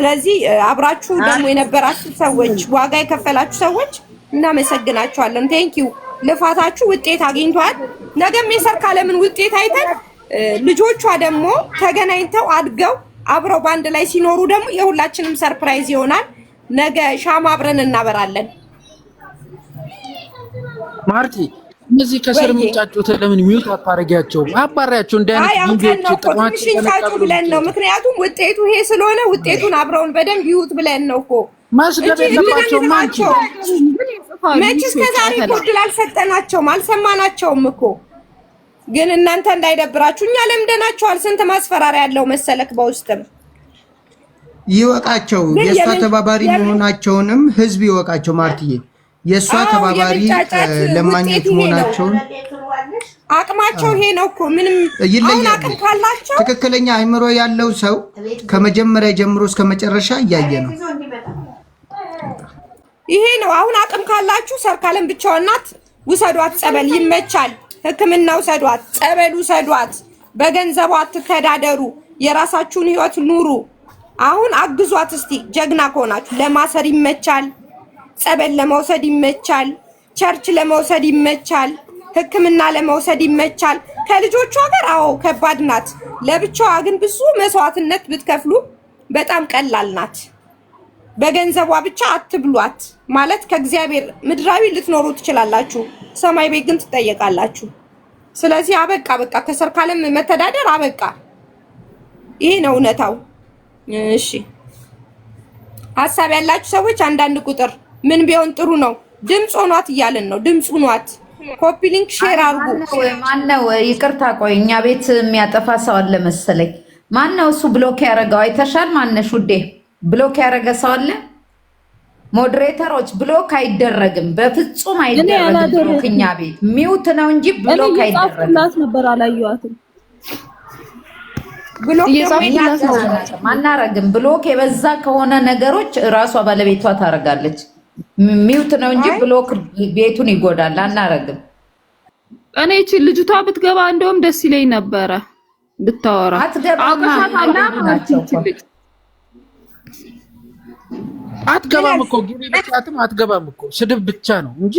ስለዚህ አብራችሁ ደግሞ የነበራችሁ ሰዎች ዋጋ የከፈላችሁ ሰዎች እናመሰግናችኋለን። ቴንኪዩ ልፋታችሁ ውጤት አግኝቷል። ነገም የሰርክ ዓለምን ውጤት አይተን ልጆቿ ደግሞ ተገናኝተው አድገው አብረው በአንድ ላይ ሲኖሩ ደግሞ የሁላችንም ሰርፕራይዝ ይሆናል። ነገ ሻማ አብረን እናበራለን ማርቲ እነዚህ ከስር የምንጫጩትን ለምን ሚውት አታረጊያቸው? አባሪያቸው እንደ ብለን ነው። ምክንያቱም ውጤቱ ይሄ ስለሆነ ውጤቱን አብረውን በደንብ ይዩት ብለን ነው እኮ ማስገብ የለባቸው። ማንቺ መችስ ከዛሬ እድል አልሰጠናቸውም፣ አልሰማናቸውም እኮ ግን እናንተ እንዳይደብራችሁ እኛ ለምደናችኋል። ስንት ማስፈራሪያ ያለው መሰለክ በውስጥም ይወቃቸው የእሷ ተባባሪ መሆናቸውንም ህዝብ ይወቃቸው ማርትዬ የእሷ ተባባሪ ለማግኘት መሆናቸውን አቅማቸው ይሄ ነው እኮ ምንም አሁን አቅም ካላቸው ትክክለኛ አይምሮ ያለው ሰው ከመጀመሪያ ጀምሮ እስከ መጨረሻ እያየ ነው። ይሄ ነው አሁን አቅም ካላችሁ ሰርካለም ብቻዋን ናት። ውሰዷት፣ ጸበል ይመቻል፣ ሕክምና ውሰዷት፣ ጸበል ውሰዷት። በገንዘቧ አትተዳደሩ፣ የራሳችሁን ህይወት ኑሩ። አሁን አግዟት እስቲ ጀግና ከሆናችሁ ለማሰር ይመቻል። ጸበል ለመውሰድ ይመቻል፣ ቸርች ለመውሰድ ይመቻል፣ ሕክምና ለመውሰድ ይመቻል። ከልጆቿ ጋር አዎ ከባድ ናት። ለብቻዋ ግን ብዙ መስዋዕትነት ብትከፍሉ በጣም ቀላል ናት። በገንዘቧ ብቻ አትብሏት ማለት ከእግዚአብሔር ምድራዊ ልትኖሩ ትችላላችሁ፣ ሰማይ ቤት ግን ትጠየቃላችሁ። ስለዚህ አበቃ በቃ ከሰርካለም መተዳደር አበቃ። ይሄ ነው እውነታው። እሺ ሀሳብ ያላችሁ ሰዎች አንዳንድ ቁጥር ምን ቢሆን ጥሩ ነው? ድምፅ ሆኗት እያለን ነው። ድምፅ ሆኗት ኮፒ ሊንክ ሼር አድርጉ። ማነው? ይቅርታ ቆይ፣ እኛ ቤት የሚያጠፋ ሰው አለ መሰለኝ። ማነው እሱ ብሎክ ያደረገው? አይተሻል? ማነሽ ውዴ፣ ብሎክ ያደረገ ሰው አለ። ሞዴሬተሮች ብሎክ አይደረግም፣ በፍጹም አይደረግም። ብሎክ እኛ ቤት ሚውት ነው እንጂ ብሎክ አይደረግም። ነበር አላየኋትም። ብሎክ ብሎክ የበዛ ከሆነ ነገሮች እራሷ ባለቤቷ ታደርጋለች። ሚውት ነው እንጂ ብሎክ ቤቱን ይጎዳል። አናረግም። እኔ እቺ ልጅቷ ብትገባ እንደውም ደስ ይለኝ ነበረ ብታወራ። አትገባም እኮ ግቢ ብቻትም አትገባም እኮ ስድብ ብቻ ነው እንጂ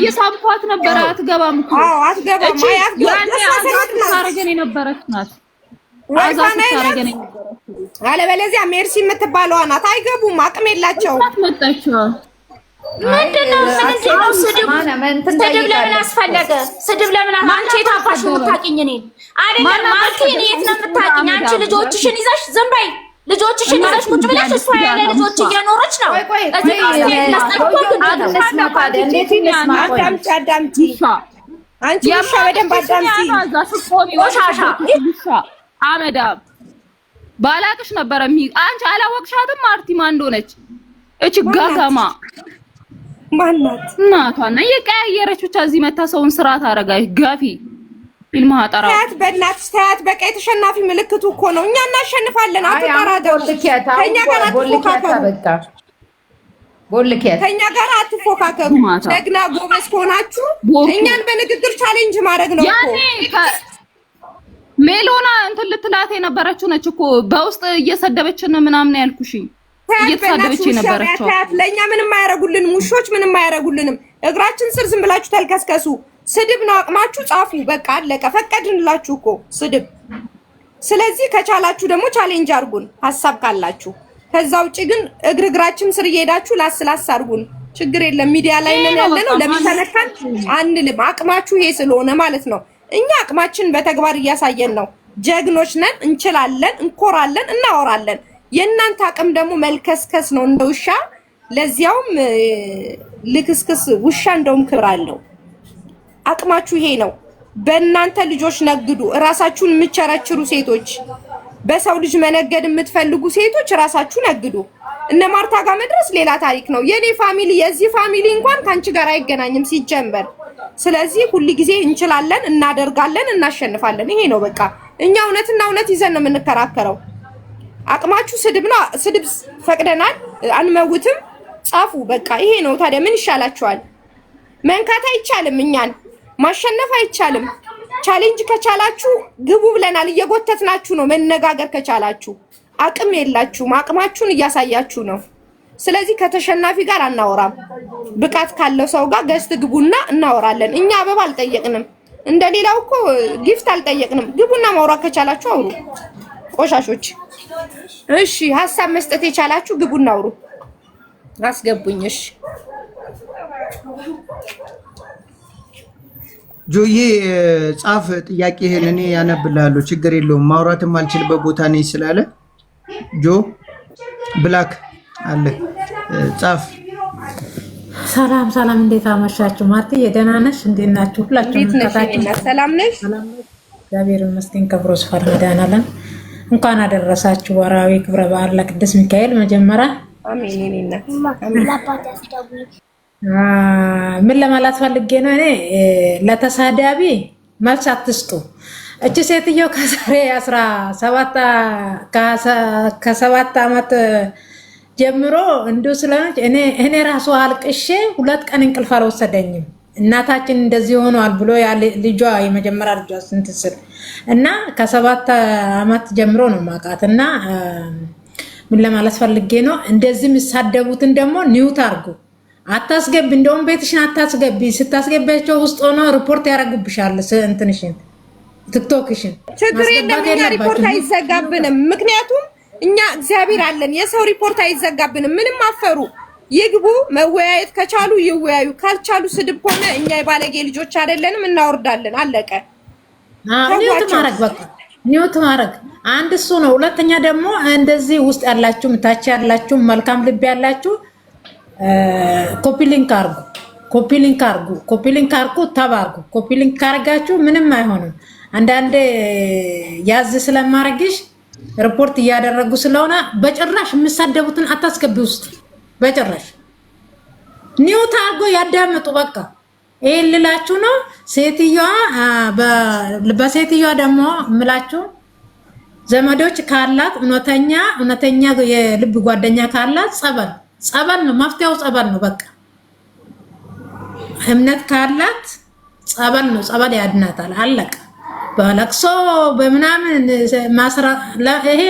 እየሳምኳት ነበረ። አትገባም እኮ አትገባም። ያኔ አትገባም ታረገን የነበረች ናት አለበለዚያ ሜርሲ የምትባለዋ ናት። አይገቡም፣ አቅም የላቸው ምንድን ነው ስድብ? ለምን አስፈለገ ስድብ? ለምን አንቺ የት አባሽ የምታውቂኝ? እኔን አይደለም ማርቲን፣ የት ነው የምታውቂኝ? አንቺ ልጆችሽን ይዘሽ ዝም በይ። ልጆችሽን ይዘሽ ቁጭ ብለሽ እሷ ያለ ልጆች እየኖረች ነው። አዳምጪ አዳምጪ፣ አንቺ ውሻ በደንብ አዳምጪ። ቆሻሻ አመዳም ባላቅሽ ነበረ። አንቺ አላወቅሻትም ማርቲ ማን እንደሆነች? እች ጋታማ ማናት? እናቷና የቀያየረች ብቻ እዚህ መታ ሰውን ስራ ታረጋይ ጋፊ ፊልም አጠራ ታያት፣ በእናትሽ ታያት። በቃ የተሸናፊ ምልክቱ እኮ ነው። እኛ እናሸንፋለን። አትጠራደው። ከኛ ጋር አትፎካከሩ። ከኛ ጋር አትፎካከሩ። ደግና ጎበዝ ከሆናችሁ እኛን በንግግር ቻሌንጅ ማድረግ ነው እኮ ሜሎና እንትን ልትላት የነበረችው ነች እኮ በውስጥ እየሰደበችን ምናምን ያልኩሽ እየተሳደበች የነበረችው ለእኛ ምንም አያረጉልንም። ውሾች ምንም አያረጉልንም። እግራችን ስር ዝም ብላችሁ ተልከስከሱ። ስድብ ነው አቅማችሁ ጻፉ። በቃ አለቀ። ፈቀድንላችሁ እኮ ስድብ። ስለዚህ ከቻላችሁ ደግሞ ቻሌንጅ አድርጉን ሀሳብ ካላችሁ። ከዛ ውጭ ግን እግር እግራችን ስር እየሄዳችሁ ላስላስ አድርጉን። ችግር የለም። ሚዲያ ላይ ነን ያለ ነው። ለምን ተነካን አንልም። አቅማችሁ ይሄ ስለሆነ ማለት ነው። እኛ አቅማችን በተግባር እያሳየን ነው። ጀግኖች ነን፣ እንችላለን፣ እንኮራለን፣ እናወራለን። የእናንተ አቅም ደግሞ መልከስከስ ነው እንደ ውሻ። ለዚያውም ልክስክስ ውሻ እንደውም ክብር አለው። አቅማችሁ ይሄ ነው። በእናንተ ልጆች ነግዱ። እራሳችሁን የምቸረችሩ ሴቶች፣ በሰው ልጅ መነገድ የምትፈልጉ ሴቶች እራሳችሁ ነግዱ። እነ ማርታ ጋር መድረስ ሌላ ታሪክ ነው። የኔ ፋሚሊ የዚህ ፋሚሊ እንኳን ከአንቺ ጋር አይገናኝም ሲጀመር። ስለዚህ ሁል ጊዜ እንችላለን፣ እናደርጋለን፣ እናሸንፋለን። ይሄ ነው በቃ። እኛ እውነትና እውነት ይዘን ነው የምንከራከረው። አቅማችሁ ስድብ ነው፣ ስድብ ፈቅደናል፣ አንመውትም። ጻፉ በቃ ይሄ ነው። ታዲያ ምን ይሻላችኋል? መንካት አይቻልም፣ እኛን ማሸነፍ አይቻልም። ቻሌንጅ ከቻላችሁ ግቡ ብለናል፣ እየጎተትናችሁ ነው። መነጋገር ከቻላችሁ አቅም የላችሁም። አቅማችሁን እያሳያችሁ ነው። ስለዚህ ከተሸናፊ ጋር አናወራም። ብቃት ካለው ሰው ጋር ገዝት ግቡና እናወራለን። እኛ አበባ አልጠየቅንም። እንደሌላው እኮ ጊፍት አልጠየቅንም። ግቡና ማውራት ከቻላችሁ አውሩ ቆሻሾች። እሺ ሀሳብ መስጠት የቻላችሁ ግቡና አውሩ። አስገቡኝ። እሺ ጆዬ ጻፍ ጥያቄህን፣ እኔ ያነብልሃለሁ። ችግር የለውም ማውራትም አልችልበት ቦታ ነኝ ስላለ ጆ ብላክ አለ ጻፍ። ሰላም ሰላም፣ እንዴት አመሻችሁ? ማርትዬ ደህና ነሽ? እንዴት ናችሁ? ሁላችሁም ሰላም ነሽ? እግዚአብሔር ይመስገን። ክብሩ ስፋር መድኃኔዓለም እንኳን አደረሳችሁ ወርሃዊ ክብረ በዓል ለቅዱስ ሚካኤል። መጀመሪያ ምን ለማለት ፈልጌ ነው? እኔ ለተሳዳቢ መልስ አትስጡ። እቺ ሴትዮ ከዛሬ አስራ ከሰባት ዓመት ጀምሮ እንዲሁ ስለሆነች እኔ ራሱ አልቅሼ ሁለት ቀን እንቅልፍ አልወሰደኝም። እናታችን እንደዚህ ሆኗል ብሎ ልጇ የመጀመሪያ ልጇ ስንት ስል እና ከሰባት ዓመት ጀምሮ ነው ማውቃት እና ምን ለማለት ፈልጌ ነው፣ እንደዚህ የሚሳደቡትን ደግሞ ኒውት አርጉ አታስገቢ፣ እንደውም ቤትሽን አታስገቢ። ስታስገቢያቸው ውስጥ ሆኖ ሪፖርት ያደረጉብሻል እንትንሽን ትክቶክሽን ችግር የለም። እኛ ሪፖርት አይዘጋብንም፣ ምክንያቱም እኛ እግዚአብሔር አለን። የሰው ሪፖርት አይዘጋብንም። ምንም አፈሩ ይግቡ፣ መወያየት ከቻሉ ይወያዩ፣ ካልቻሉ ስድብ ከሆነ እኛ የባለጌ ልጆች አይደለንም፣ እናወርዳለን። አለቀ። ኒውት ማረግ አንድ እሱ ነው። ሁለተኛ ደግሞ እንደዚህ ውስጥ ያላችሁ ታች ያላችሁ መልካም ልብ ያላችሁ ኮፒሊንክ አርጉ፣ ኮፒሊንክ አርጉ፣ ኮፒሊንክ አርጉ፣ ተባርጉ። ኮፒሊንክ ካርጋችሁ ምንም አይሆንም። አንዳንድ ያዝ ስለማረግሽ ሪፖርት እያደረጉ ስለሆነ በጭራሽ የምሳደቡትን አታስገቢ ውስጥ በጭራሽ ኒውት አርጎ ያዳምጡ። በቃ ይህ ልላችሁ ነው። ሴትዮዋ በሴትዮዋ ደግሞ ምላችሁ ዘመዶች ካላት እውነተኛ እውነተኛ የልብ ጓደኛ ካላት ጸበል ጸበል ነው መፍትያው፣ ጸበል ነው በቃ እምነት ካላት ጸበል ነው። ጸበል ያድናታል። አለቀ። በለቅሶ በምናምን ይሄ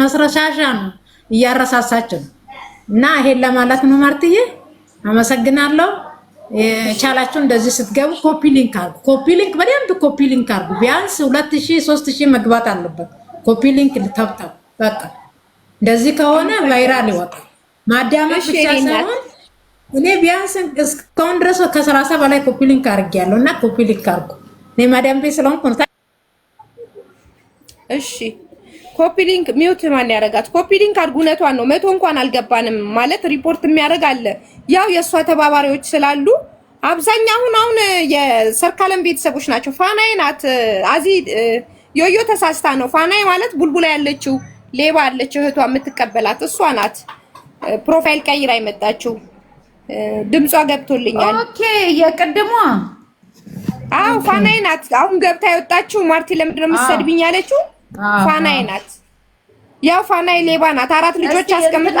ማስረሻሻ ነው፣ እያረሳሳቸው ነው። እና ይሄን ለማለት ነው። ማርትዬ አመሰግናለሁ። የቻላችሁ እንደዚህ ስትገቡ ኮፒ ሊንክ አርጉ። ኮፒ ሊንክ በደንብ ኮፒ ሊንክ አርጉ። ቢያንስ ሁለት ሺህ ሶስት ሺህ መግባት አለበት። ኮፒ ሊንክ ልታብታው በቃ እንደዚህ ከሆነ ቫይራል ይወጣል። ማዳመጥ ብቻ ሳይሆን እኔ ቢያንስ እስካሁን ድረስ ከሰላሳ በላይ ኮፒ ሊንክ አርጌያለሁ እና ኮፒ ሊንክ አርጉ። እኔ ማዳም ቤት ስለሆንኩ ነው። እሺ ኮፒ ሊንክ ሚውት ማን ያደርጋት? ኮፒ ሊንክ አድርጉ። እውነቷን ነው። መቶ እንኳን አልገባንም ማለት ሪፖርት የሚያደርግ አለ። ያው የእሷ ተባባሪዎች ስላሉ አብዛኛው አሁን አሁን የሰርካለም ቤተሰቦች ናቸው። ፋናዬ ናት። አዚ ዮዮ ተሳስታ ነው። ፋናዬ ማለት ቡልቡላ ያለችው ሌባ አለች፣ እህቷ የምትቀበላት እሷ ናት። ፕሮፋይል ቀይራ የመጣችው ድምጿ ገብቶልኛል። ኦኬ የቅድሟ አዎ ፋናዬ ናት። አሁን ገብታ የወጣችው ማርቲ ለምንድን ነው የምትሰድብኝ ያለችው ፋናዬ ናት። ያው ፋናዬ ሌባ ናት። አራት ልጆች አስቀምጣ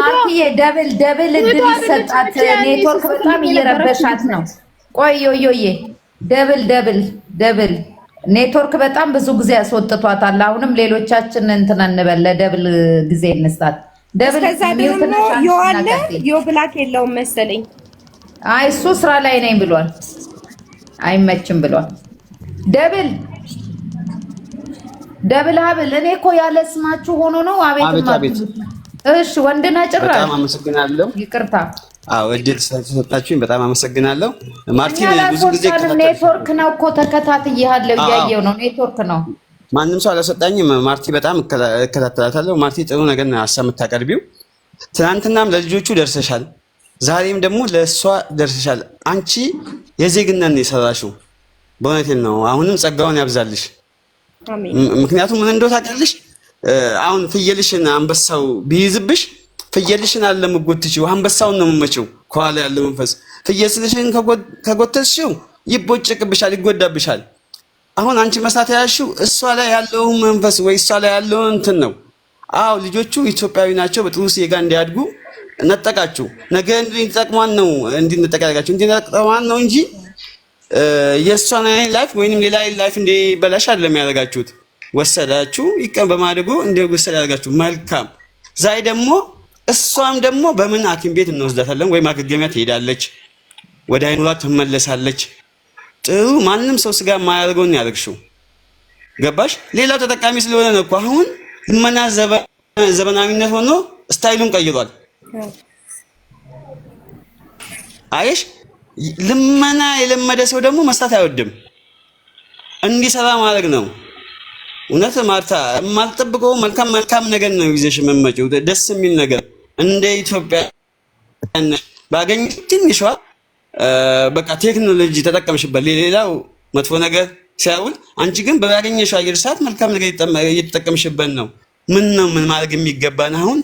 ማርቲዬ፣ ደብል ደብል እድል ይሰጣት። ኔትወርክ በጣም እየረበሻት ነው። ቆይ ዮዮዬ፣ ደብል ደብል ደብል ኔትወርክ በጣም ብዙ ጊዜ ያስወጥቷታል። አሁንም ሌሎቻችን እንትን እንበል፣ ለደብል ጊዜ እንስጣት። ደብል ዮ ብላክ የለውም መሰለኝ። አይ እሱ ስራ ላይ ነኝ ብሏል። አይመችም ብሏል። ደብል ደብል ሀብል እኔ እኮ ያለ ስማችሁ ሆኖ ነው። አቤት አቤት። እሺ ወንድና ጭራሽ በጣም አመሰግናለሁ። ይቅርታ። አዎ እድል ስለተሰጣችሁኝ በጣም አመሰግናለሁ። ማርቲን ብዙ ጊዜ ኔትወርክ ነው እኮ ተከታትዬሃለሁ፣ እያየሁ ነው። ኔትወርክ ነው። ማንም ሰው አላሰጣኝም። ማርቲ በጣም እከታተላታለሁ። ማርቲ ጥሩ ነገር ነው ሀሳብ የምታቀርቢው። ትናንትናም ለልጆቹ ደርሰሻል። ዛሬም ደግሞ ለእሷ ደርሰሻል። አንቺ የዜግነት ነው የሰራሽው። በእውነቴን ነው። አሁንም ጸጋውን ያብዛልሽ። ምክንያቱም ምን እንደው ታውቂያለሽ፣ አሁን ፍየልሽን አንበሳው ቢይዝብሽ ፍየልሽን አለመጎትችው አንበሳውን ነው የምመችው። ከኋላ ያለ መንፈስ ፍየልሽን ከጎተትሽው ይቦጭቅብሻል፣ ይጎዳብሻል። አሁን አንቺ መስራት ያልሽው እሷ ላይ ያለውን መንፈስ ወይ እሷ ላይ ያለውን እንትን ነው። አዎ ልጆቹ ኢትዮጵያዊ ናቸው። በጥሩ ዜጋ እንዲያድጉ ነጠቃችሁ ነገ እንድንጠቅማን ነው እንድንጠቃቃችሁ እንድንጠቅማን ነው እንጂ የእሷን አይነት ላይፍ ወይንም ሌላ ላይፍ እንዲበላሽ አይደለም ያደርጋችሁት። ወሰዳችሁ ይቀን በማድረጉ እንዲወሰድ ያደርጋችሁ። መልካም ዛይ ደግሞ እሷም ደግሞ በምን ሐኪም ቤት እንወስዳታለን ወይም ማገገሚያ ትሄዳለች፣ ወደ አይኑሯ ትመለሳለች። ጥሩ ማንም ሰው ስጋ የማያደርገውን ያደርግሽው። ገባሽ? ሌላው ተጠቃሚ ስለሆነ ነው እኮ አሁን ልመና ዘመናዊነት ሆኖ ስታይሉን ቀይሯል። አየሽ፣ ልመና የለመደ ሰው ደግሞ መስጠት አይወድም። እንዲሰራ ማድረግ ነው። እውነት ማርታ፣ የማልጠብቀው መልካም መልካም ነገር ነው ይዘሽ የምትመጪው፣ ደስ የሚል ነገር እንደ ኢትዮጵያ ባገኝ ትንሿ በቃ ቴክኖሎጂ ተጠቀምሽበት፣ ሌላው መጥፎ ነገር ሲያውል፣ አንቺ ግን ባገኘሽው አየር ሰዓት መልካም ነገር እየተጠቀምሽበት ነው። ምን ነው ምን ማድረግ የሚገባን አሁን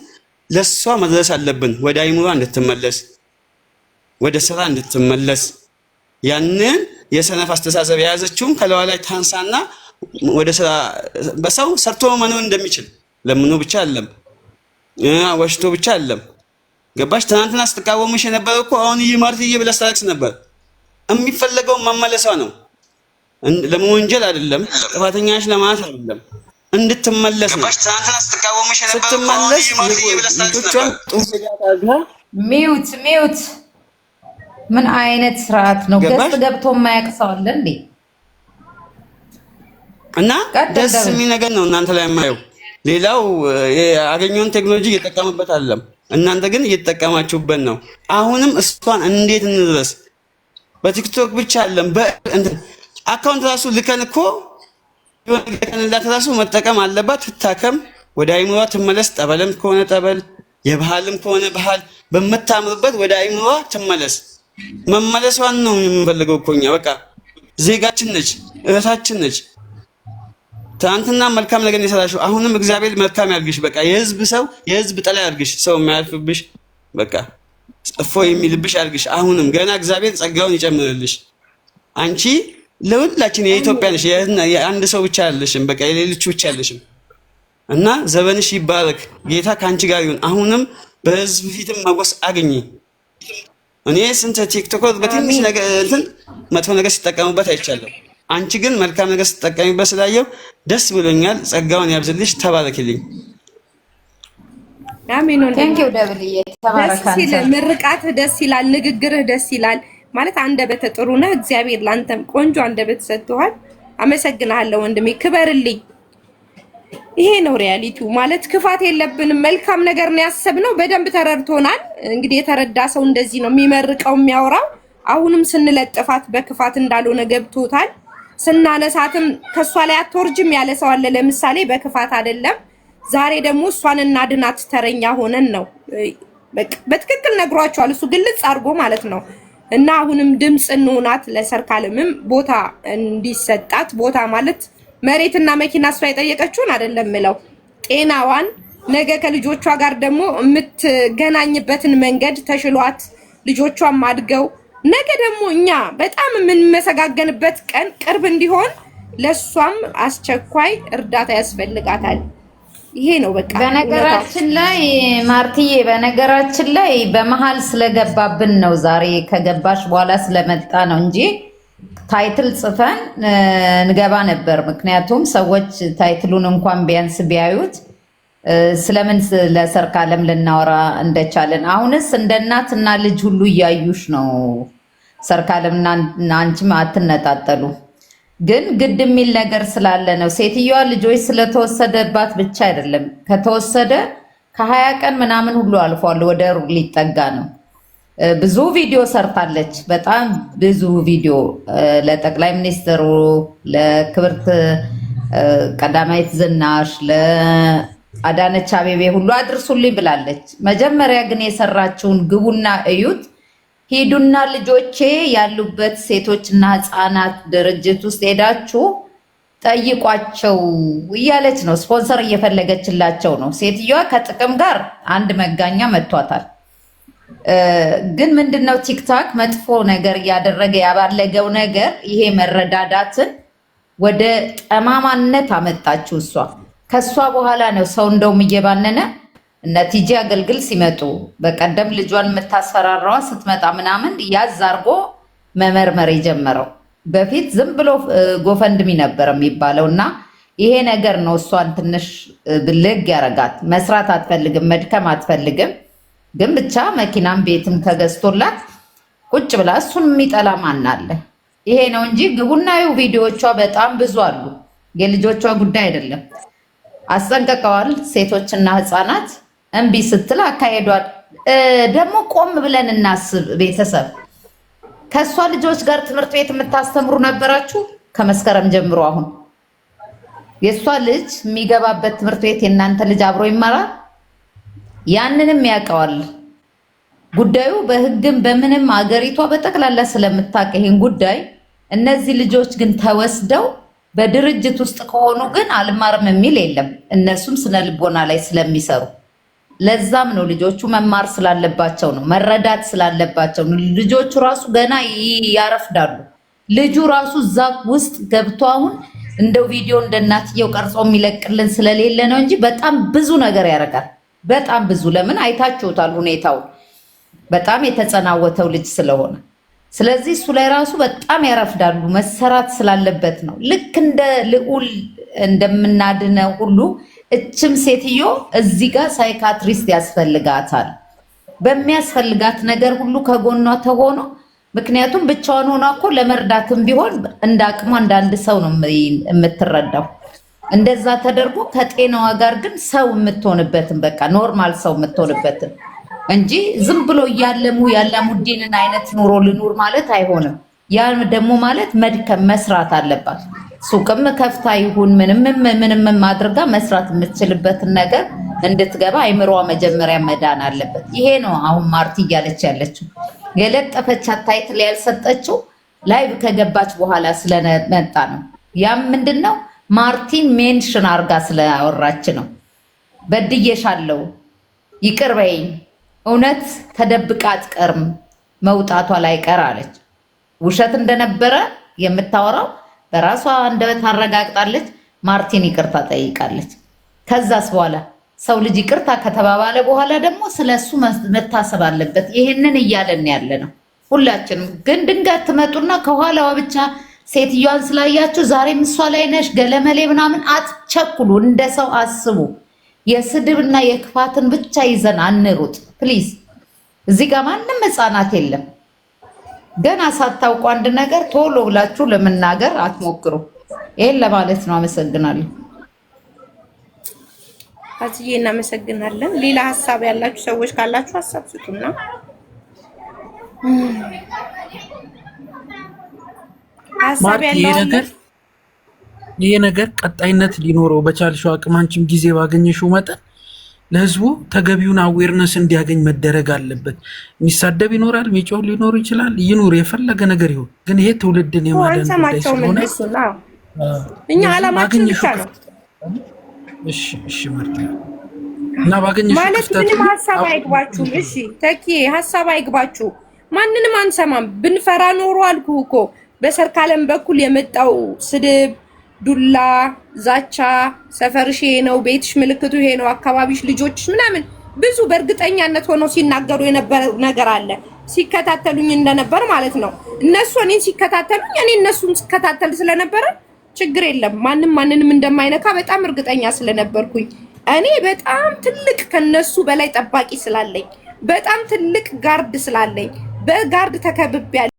ለእሷ መድረስ አለብን። ወደ አይምሯ እንድትመለስ፣ ወደ ስራ እንድትመለስ ያንን የሰነፍ አስተሳሰብ የያዘችውን ከለዋ ላይ ታንሳና ወደ ስራ በሰው ሰርቶ መኖር እንደሚችል ለምኖ ብቻ አለም ወሽቶ ብቻ አለም ገባሽ? ትናንትና ስትቃወምሽ የነበረ እኮ አሁን ይህ ማርትዬ ብለሽ ታለቅስ ነበር። የሚፈለገው መመለሷ ነው፣ ለመወንጀል አይደለም፣ ጥፋተኛሽ ለማለት አይደለም። እንድትመለስ ነው። ስትመለስ ልጆቿን ጡንጋ ሚውት ሚውት። ምን አይነት ስርዓት ነው? ገስ ገብቶ የማያውቅ ሰው አለ እንዴ? እና ደስ የሚል ነገር ነው እናንተ ላይ የማየው። ሌላው ያገኘውን ቴክኖሎጂ እየጠቀምበት አይደለም፣ እናንተ ግን እየተጠቀማችሁበት ነው። አሁንም እሷን እንዴት እንድረስ? በቲክቶክ ብቻ አለም በእንትን አካውንት ራሱ ልከን እኮ ቀንላት ራሱ መጠቀም አለባት። ትታከም፣ ወደ አይምሯ ትመለስ። ጠበልም ከሆነ ጠበል፣ የባህልም ከሆነ ባህል በምታምርበት ወደ አይምሯ ትመለስ። መመለሷን ነው የምንፈልገው እኮ እኛ። በቃ ዜጋችን ነች፣ እህታችን ነች። ትናንትና መልካም ነገር የሰራሽው አሁንም እግዚአብሔር መልካም ያርግሽ። በቃ የህዝብ ሰው የህዝብ ጠላ ያርግሽ። ሰው የሚያልፍብሽ በቃ ጽፎ የሚልብሽ ያርግሽ። አሁንም ገና እግዚአብሔር ጸጋውን ይጨምርልሽ አንቺ ለሁላችን የኢትዮጵያ ነሽ። የአንድ ሰው ብቻ ያለሽም በቃ የሌሎች ብቻ ያለሽም እና ዘበንሽ ይባረክ። ጌታ ከአንቺ ጋር ይሁን። አሁንም በህዝብ ፊትም መጎስ አግኝ። እኔ ስንት ቲክቶከር በትንሽ ነገር እንትን መጥፎ ነገር ሲጠቀሙበት አይቻለሁ። አንቺ ግን መልካም ነገር ስትጠቀሚበት ስላየው ደስ ብሎኛል። ጸጋውን ያብዝልሽ። ተባረክልኝ። ምርቃት ደስ ይላል። ንግግርህ ደስ ይላል። ማለት አንደበተ ጥሩ ነህ። እግዚአብሔር ላንተም ቆንጆ አንደበት ሰጥቷል። አመሰግናለሁ ወንድሜ፣ ክበርልኝ። ይሄ ነው ሪያሊቲው። ማለት ክፋት የለብንም፣ መልካም ነገር ነው ያሰብነው። በደንብ ተረድቶናል። እንግዲህ የተረዳ ሰው እንደዚህ ነው የሚመርቀው የሚያወራው። አሁንም ስንለጥፋት በክፋት እንዳልሆነ ገብቶታል። ስናነሳትም ከእሷ ላይ አትወርጅም ያለ ሰው አለ። ለምሳሌ በክፋት አይደለም። ዛሬ ደግሞ እሷን እናድናት ተረኛ ሆነን ነው በትክክል ነግሯቸዋል። እሱ ግልጽ አድርጎ ማለት ነው እና አሁንም ድምፅ እንሆናት ለሰርካለምም ቦታ እንዲሰጣት ቦታ ማለት መሬትና መኪና እሷ የጠየቀችውን አይደለም ምለው ጤናዋን ነገ ከልጆቿ ጋር ደግሞ የምትገናኝበትን መንገድ ተሽሏት ልጆቿም አድገው ነገ ደግሞ እኛ በጣም የምንመሰጋገንበት ቀን ቅርብ እንዲሆን ለእሷም አስቸኳይ እርዳታ ያስፈልጋታል። ይሄ ነው በቃ። በነገራችን ላይ ማርትዬ፣ በነገራችን ላይ በመሀል ስለገባብን ነው ዛሬ ከገባሽ በኋላ ስለመጣ ነው እንጂ ታይትል ጽፈን እንገባ ነበር። ምክንያቱም ሰዎች ታይትሉን እንኳን ቢያንስ ቢያዩት ስለምን ለሰርክ ዓለም ልናወራ እንደቻለን። አሁንስ እንደ እናትና ልጅ ሁሉ እያዩሽ ነው። ሰርክ ዓለምና አንቺም አትነጣጠሉ። ግን ግድ የሚል ነገር ስላለ ነው። ሴትዮዋ ልጆች ስለተወሰደባት ብቻ አይደለም። ከተወሰደ ከሀያ ቀን ምናምን ሁሉ አልፏል። ወደ ሩ ሊጠጋ ነው። ብዙ ቪዲዮ ሰርታለች። በጣም ብዙ ቪዲዮ ለጠቅላይ ሚኒስትሩ፣ ለክብርት ቀዳማዊት ዝናሽ፣ ለአዳነች አቤቤ ሁሉ አድርሱልኝ ብላለች። መጀመሪያ ግን የሰራችውን ግቡና እዩት። ሂዱና ልጆቼ ያሉበት ሴቶችና ህፃናት ድርጅት ውስጥ ሄዳችሁ ጠይቋቸው እያለች ነው። ስፖንሰር እየፈለገችላቸው ነው። ሴትዮዋ ከጥቅም ጋር አንድ መጋኛ መጥቷታል። ግን ምንድን ነው ቲክታክ መጥፎ ነገር እያደረገ ያባለገው ነገር ይሄ መረዳዳትን ወደ ጠማማነት አመጣችው እሷ። ከእሷ በኋላ ነው ሰው እንደውም እየባነነ እነ ቲጂ አገልግል ሲመጡ በቀደም ልጇን የምታስፈራራዋ ስትመጣ ምናምን ያዝ አርጎ መመርመር የጀመረው በፊት ዝም ብሎ ጎፈንድሚ ነበር የሚባለው እና ይሄ ነገር ነው እሷን ትንሽ ብልግ ያረጋት። መስራት አትፈልግም፣ መድከም አትፈልግም። ግን ብቻ መኪናም ቤትም ተገዝቶላት ቁጭ ብላ እሱን የሚጠላ ማን አለ? ይሄ ነው እንጂ ግቡናዩ ቪዲዮቿ በጣም ብዙ አሉ። የልጆቿ ጉዳይ አይደለም። አስጠንቀቀዋል ሴቶችና ህፃናት እምቢ ስትል አካሄዷል። ደግሞ ቆም ብለን እናስብ ቤተሰብ። ከእሷ ልጆች ጋር ትምህርት ቤት የምታስተምሩ ነበራችሁ ከመስከረም ጀምሮ። አሁን የእሷ ልጅ የሚገባበት ትምህርት ቤት የእናንተ ልጅ አብሮ ይማራል። ያንንም ያውቀዋል ጉዳዩ በህግም በምንም አገሪቷ በጠቅላላ ስለምታውቅ ይህን ጉዳይ። እነዚህ ልጆች ግን ተወስደው በድርጅት ውስጥ ከሆኑ ግን አልማርም የሚል የለም። እነሱም ስነ ልቦና ላይ ስለሚሰሩ ለዛም ነው ልጆቹ መማር ስላለባቸው ነው፣ መረዳት ስላለባቸው ነው። ልጆቹ ራሱ ገና ያረፍዳሉ። ልጁ ራሱ እዛ ውስጥ ገብቶ አሁን እንደው ቪዲዮ እንደናትየው ቀርጾ የሚለቅልን ስለሌለ ነው እንጂ በጣም ብዙ ነገር ያደርጋል። በጣም ብዙ ለምን አይታችሁታል፣ ሁኔታው በጣም የተጸናወተው ልጅ ስለሆነ ስለዚህ እሱ ላይ ራሱ በጣም ያረፍዳሉ። መሰራት ስላለበት ነው። ልክ እንደ ልዑል እንደምናድነው ሁሉ እችም ሴትዮ እዚህ ጋር ሳይካትሪስት ያስፈልጋታል። በሚያስፈልጋት ነገር ሁሉ ከጎኗ ተሆኖ ምክንያቱም ብቻዋን ሆኗ እኮ ለመርዳትም ቢሆን እንደ አቅሟ እንዳንድ ሰው ነው የምትረዳው። እንደዛ ተደርጎ ከጤናዋ ጋር ግን ሰው የምትሆንበትን በቃ ኖርማል ሰው የምትሆንበትን እንጂ ዝም ብሎ እያለሙ ያለሙዲንን አይነት ኑሮ ልኑር ማለት አይሆንም። ያ ደግሞ ማለት መድከም መስራት አለባት። ሱቅም ከፍታ ይሁን ምንም ምንም አድርጋ መስራት የምትችልበትን ነገር እንድትገባ አይምሮ መጀመሪያ መዳን አለበት። ይሄ ነው አሁን ማርቲ እያለች ያለችው። የለጠፈች ታይትል ያልሰጠችው ላይቭ ከገባች በኋላ ስለመጣ ነው። ያም ምንድን ነው ማርቲን ሜንሽን አርጋ ስለወራች ነው። በድየሻለው ይቅር በይኝ፣ እውነት ተደብቃ አትቀርም፣ መውጣቷ ላይ ቀር አለች። ውሸት እንደነበረ የምታወራው በራሷ አንደበት ታረጋግጣለች። ማርቲን ይቅርታ ጠይቃለች። ከዛስ በኋላ ሰው ልጅ ይቅርታ ከተባባለ በኋላ ደግሞ ስለ እሱ መታሰብ አለበት። ይህንን እያለን ያለ ነው ሁላችንም። ግን ድንጋት ትመጡና ከኋላዋ ብቻ ሴትዮዋን ስላያችሁ ዛሬ ምሷ ላይ ነሽ ገለመሌ ምናምን አትቸኩሉ። እንደ ሰው አስቡ። የስድብና የክፋትን ብቻ ይዘን አንሩጥ ፕሊዝ። እዚህ ጋር ማንም ህፃናት የለም። ገና ሳታውቁ አንድ ነገር ቶሎ ብላችሁ ለመናገር አትሞክሩ። ይህን ለማለት ነው። አመሰግናለሁ። አዝዬ እናመሰግናለን። ሌላ ሀሳብ ያላችሁ ሰዎች ካላችሁ ሀሳብ ስጡና ይሄ ነገር ቀጣይነት ሊኖረው በቻልሽው አቅም አንቺም ጊዜ ባገኘሽው መጠን ለህዝቡ ተገቢውን አዌርነስ እንዲያገኝ መደረግ አለበት። የሚሳደብ ይኖራል፣ የሚጮህ ሊኖር ይችላል፣ ይኑር፣ የፈለገ ነገር ይሁን። ግን ይሄ ትውልድን የማዳን ጉዳይ ስለሆነ እኛ አላማችን ብቻ ነው። እሺ ምርጥ እና ባገኘሽ ማለት ምንም ሀሳብ አይግባችሁ። እሺ ተኪ ሀሳብ አይግባችሁ። ማንንም አንሰማም። ብንፈራ ኖሮ አልኩ እኮ በሰርካለም በኩል የመጣው ስድብ ዱላ፣ ዛቻ፣ ሰፈርሽ ይሄ ነው፣ ቤትሽ ምልክቱ ይሄ ነው፣ አካባቢሽ፣ ልጆችሽ ምናምን ብዙ በእርግጠኛነት ሆነው ሲናገሩ የነበረ ነገር አለ። ሲከታተሉኝ እንደነበር ማለት ነው። እነሱ እኔን ሲከታተሉኝ፣ እኔ እነሱን ሲከታተል ስለነበረ ችግር የለም ማንም ማንንም እንደማይነካ በጣም እርግጠኛ ስለነበርኩኝ እኔ በጣም ትልቅ ከነሱ በላይ ጠባቂ ስላለኝ በጣም ትልቅ ጋርድ ስላለኝ በጋርድ ተከብቤያለሁ።